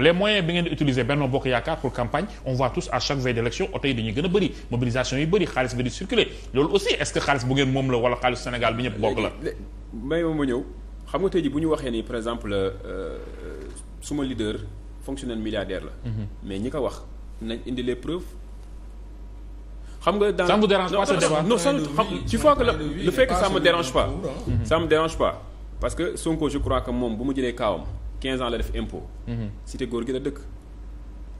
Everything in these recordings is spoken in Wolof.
les moyens bi ngeen di utiliser Benno Bokk Yaakaar pour campagne on voit tous à chaque veille d'élection oto yi dañuy gën a bëri mobilisation yi bëri xaalis bi di circuler loolu aussi est-ce que xaalis bu ngeen moom la wala xaalis Sénégal bi ñëpp bokk la may ma ñëw xam nga tey bu ñu waxee ni par exemple euh, euh, suma leader fonctionnaire milliardaire la mm-hmm. mais ñi ko wax nañ indi les preuves xam nga dans ça ne vous dérange pas ce parce que Sonko 15 ans la def impôt. Mhm. cité góor gi la dëkk.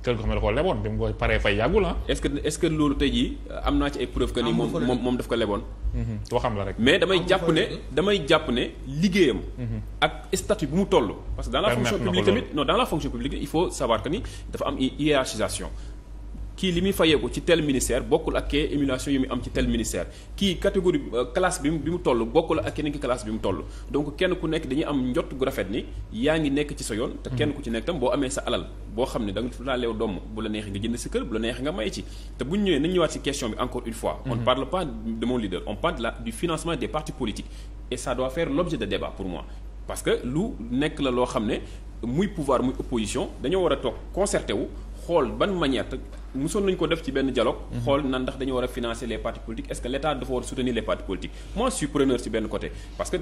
kër goo xam ne da koo leboon bi mu koy paree fay yàggul ah. est loolu tey jii am naa ci ay preuve que ni moom moom daf ko leboon. waxam mhm. la rek. mais damay jàpp ne damay jàpp ne liggéeyam. Mhm. ak statut bu mu toll. parce que dans la fonction publique tamit non dans la fonction publique il faut savoir que ni dafa am hiérarchisation. kii li muy fayeeku ci tel ministère bokkul ak kee émulation yi muy am ci tel ministère kii catégorie euh, classe bi mu toll bokkul ak keneen ki classe bi mu toll donc kenn ku nekk dañuy am njott gu rafet ni yaa ngi nekk ci sa yoon te kenn ku ci nekk tam boo amee sa alal boo xam ne da nga laa leew doom bu la neexee nga jënd te bu ñu ñëwee nañ ñëwaat si question bi encore une fois on ne mhm. parle pas de mon leader on parle de la du financement des et ça doit faire l'objet de débat pour moi parce que lu nekk la loo xam ne muy pouvoir muy opposition dañoo war a toog concerté wu xool ban manière te mosoon nañu ko def ci benn dialogue. Mhm. xool nan ndax dañu war a financer les partis politiques est-ce que l'État dafa war soutenir les partis politiques moi je suis preneur ci benn côté parce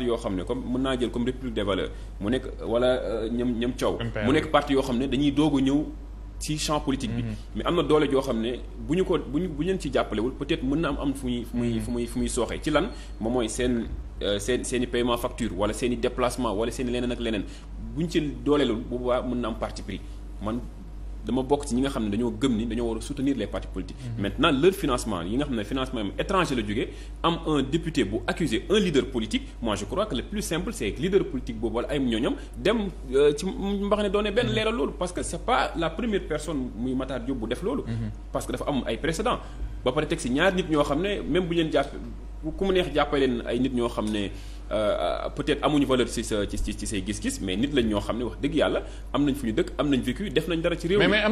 yoo xam ne comme mu nekk wala euh, parti yoo xam ne dañuy doog a ñëw ci champ politique bi mhm. mais am na doole joo xam ne bu ñu ko bu ñu bu ñu leen ci jàppalewul peut-être mën na am am fu muy fu muy mhm. fu sooxee ci lan moom mooy seen euh, seen seen i paiement facture wala seen i déplacement wala seen i leneen ak leneen bu ñu ci dooleelul am parti pris dama bokk si ñi nga xam ne dañoo gëm ni dañoo war a soutenir les partis politiques mm-hmm. maintenant leur financement yi nga xam ne financement yi étranger la jógee am un député bu accuser un leader politique moi je crois que le plus simple c'est leader politique boobu wala ay ñooñam dem euh, ci mbax ne benn mm-hmm. leeral loolu parce que c'est pas la première personne muy Matar Diop bu def loolu mm-hmm. parce que dafa am ay précédent ba pare teg si ñaar nit ñoo xam ne même bu ñu leen ku mu neex jàppale leen ay nit ñoo xam ne euh, peut-être amuñu valeur ci sa ci say gis-gis mais nit lañ ñoo xam ne wax dëgg yàlla am nañ fu ñu dëkk am nañ vécu def nañ dara ci réew mi